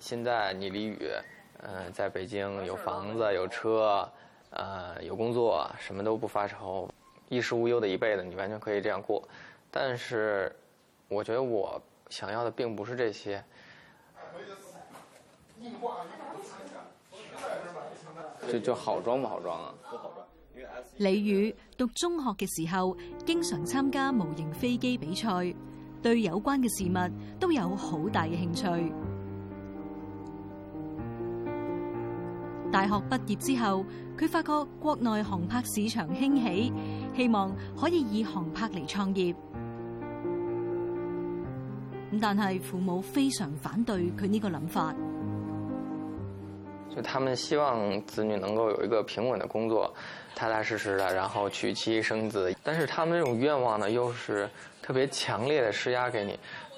現在你李宇，嗯，在北京有房子有車，呃，有工作，什麼都不發愁，衣食無憂的一輩子，你完全可以這樣過。但是，我覺得我想要的並不是這些。就就好裝不好裝啊？李宇讀中學嘅時候，經常參加模型飛機比賽，對有關嘅事物都有好大嘅興趣。大學畢業之後，佢發覺國內航拍市場興起，希望可以以航拍嚟創業。但係父母非常反對佢呢個諗法。就他們希望子女能夠有一個平穩的工作，踏踏實實的，然後娶妻生子。但是他們這種願望呢，又是特別強烈的施壓給你。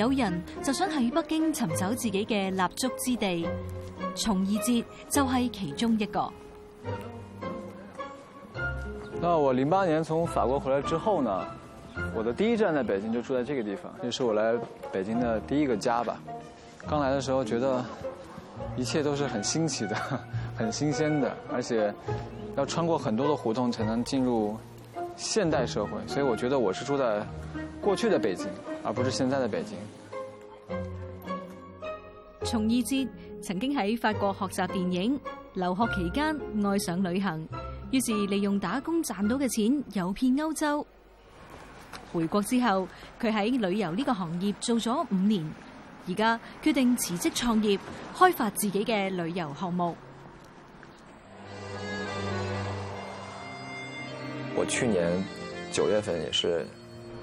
有人就想喺北京尋找自己嘅立足之地，重二節就係其中一個。那我零八年從法國回來之後呢，我的第一站在北京，就住在這個地方，這，就是我來北京的第一個家吧。剛來的時候覺得一切都是很新奇的，很新鮮的，而且要穿過很多的胡同才能進入現代社會，所以我覺得我是住在過去的北京。而不是現在的北京。從二節曾經喺法國學習電影，留學期間愛上旅行，於是利用打工賺到嘅錢遊遍歐洲。回國之後，佢喺旅遊呢個行業做咗五年，而家決定辭職創業，開發自己嘅旅遊項目。我去年九月份也是。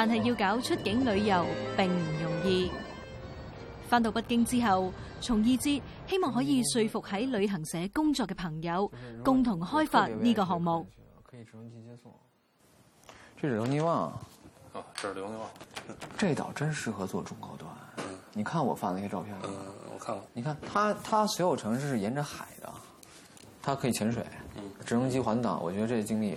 但係要搞出境旅遊並唔容易。返到北京之後，從義之希望可以說服喺旅行社工作嘅朋友，就是、共同開發呢個項目。這是留尼旺啊，這是留尼旺這島真適合做中高端、嗯。你看我發那些照片。嗯、我看了。你看，它它所有城市是沿着海的，它可以潛水，直升機環島，我覺得這經歷。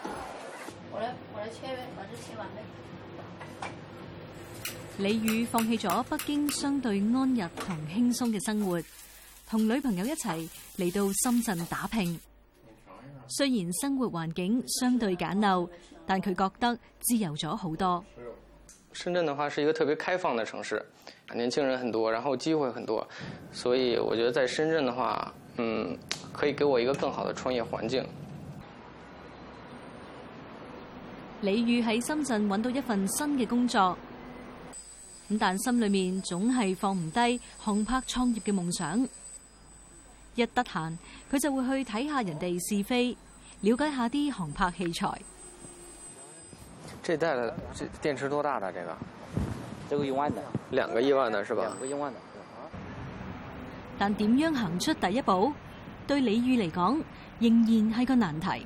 李宇放棄咗北京相對安逸同輕鬆嘅生活，同女朋友一齊嚟到深圳打拼。雖然生活環境相對簡陋，但佢覺得自由咗好多。深圳的話是一個特別開放的城市，年輕人很多，然後機會很多，所以我覺得在深圳的話，嗯，可以給我一個更好的創業環境。李宇喺深圳揾到一份新嘅工作。但心裏面總係放唔低航拍創業嘅夢想，一得閒佢就會去睇下人哋試飛，了解下啲航拍器材。這袋電池多大的？的這個一萬、這個、的，兩個一萬的是吧？兩個一萬的。但點樣行出第一步，對李宇嚟講，仍然係個難題。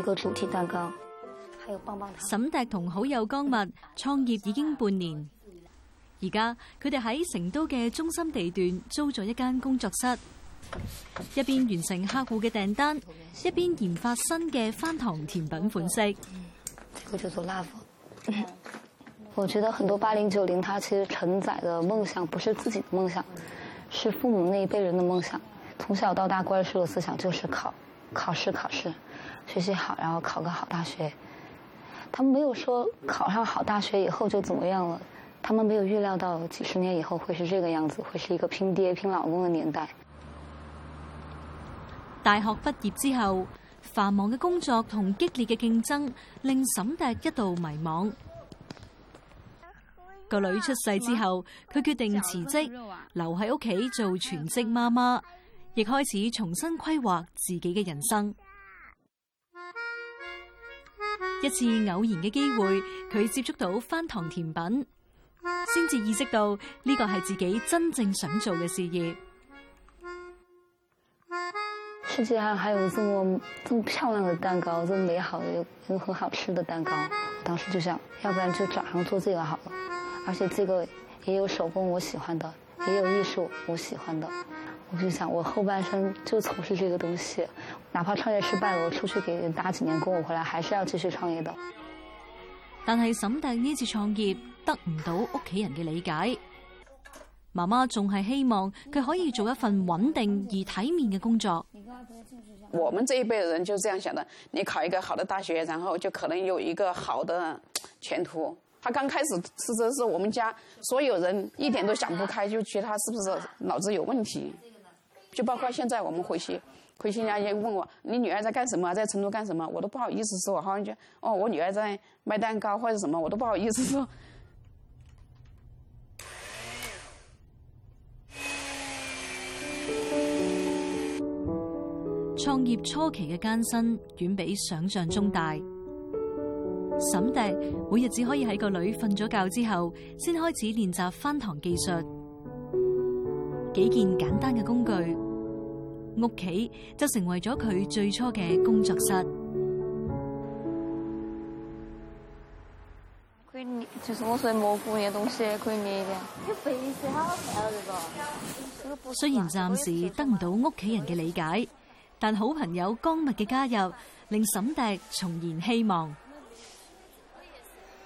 一個主題蛋糕。還有棒棒沈迪同好友江蜜、嗯、創業已經半年，而家佢哋喺成都嘅中心地段租咗一間工作室，一邊完成客戶嘅訂單，一邊研發新嘅翻糖甜品款式。呢、嗯，這個叫做 love，嗯。我覺得很多八零九零，他其實承載的夢想不是自己的夢想，是父母那一輩人的夢想。從小到大灌輸嘅思想就是考考試、考試。考試學習好，然後考個好大學。他們沒有說考上好大學以後就怎麼樣了。他們沒有預料到幾十年以後會是這個樣子，會是一個拼爹、拼老公的年代。大學畢業之後，繁忙嘅工作同激烈嘅競爭令沈達一度迷茫。個女出世之後，佢決定辭職，留喺屋企做全職媽媽，亦開始重新規劃自己嘅人生。一次偶然嘅機會，佢接觸到翻糖甜品，先至意識到呢個係自己真正想做嘅事業。世界上還有這麼這麼漂亮的蛋糕，這麼美好又又很好吃的蛋糕，我當時就想，要不然就轉行做這個好了，而且這個也有手工我喜歡的，也有藝術我喜歡的。我就想，我後半生就從事這個東西，哪怕創業失敗了，我出去給人打幾年工，我回來還是要繼續創業的。但係沈迪呢次創業得唔到屋企人嘅理解，媽媽仲係希望佢可以做一份穩定而體面嘅工作。嗯。我們這一輩的人就這樣想的：你考一個好的大學，然後就可能有一個好的前途。他剛開始，是，實是我們家所有人一點都想不開，就覺得他是不是腦子有問題。就包括現在，我們回去，回去人家也問我，你女兒在幹什麼，在成都幹什麼，我都不好意思說。我好像就，哦，我女兒在賣蛋糕或者什麼，我都不好意思說。創業初期嘅艱辛遠比想象中大。沈迪每日只可以喺個女瞓咗覺之後，先開始練習翻糖技術。幾件簡單嘅工具。屋企就成為咗佢最初嘅工作室。佢捏，其實我說蘑菇嘅東西可以捏嘅。啲白色好好睇啊，呢個。雖然暫時得唔到屋企人嘅理解，但好朋友江蜜嘅加入，令沈笛重燃希望。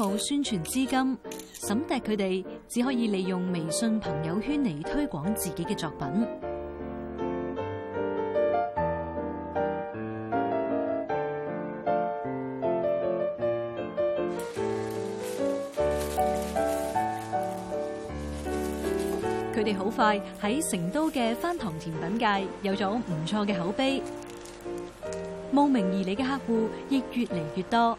冇宣傳資金，沈掟佢哋只可以利用微信朋友圈嚟推廣自己嘅作品。佢哋好快喺成都嘅翻糖甜品界有咗唔錯嘅口碑，慕名而嚟嘅客戶亦越嚟越多。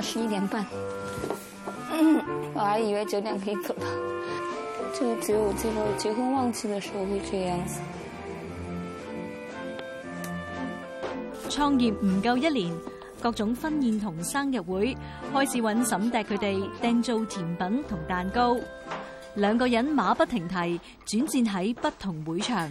十一點半，我還以為九點可以走到，就只有最後結婚旺季的時候會這樣子。創業唔夠一年，各種婚宴同生日會開始搵沈迪佢哋訂造甜品同蛋糕，兩個人馬不停蹄，轉戰喺不同會場。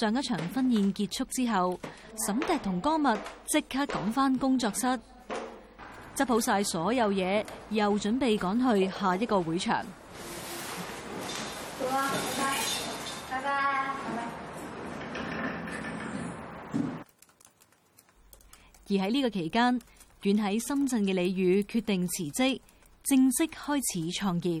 上一場婚宴結束之後，沈笛同江蜜即刻趕返工作室，執好晒所有嘢，又準備趕去下一個會場。好啊，大家，拜拜，拜拜。而喺呢個期間，遠喺深圳嘅李宇決定辭職，正式開始創業。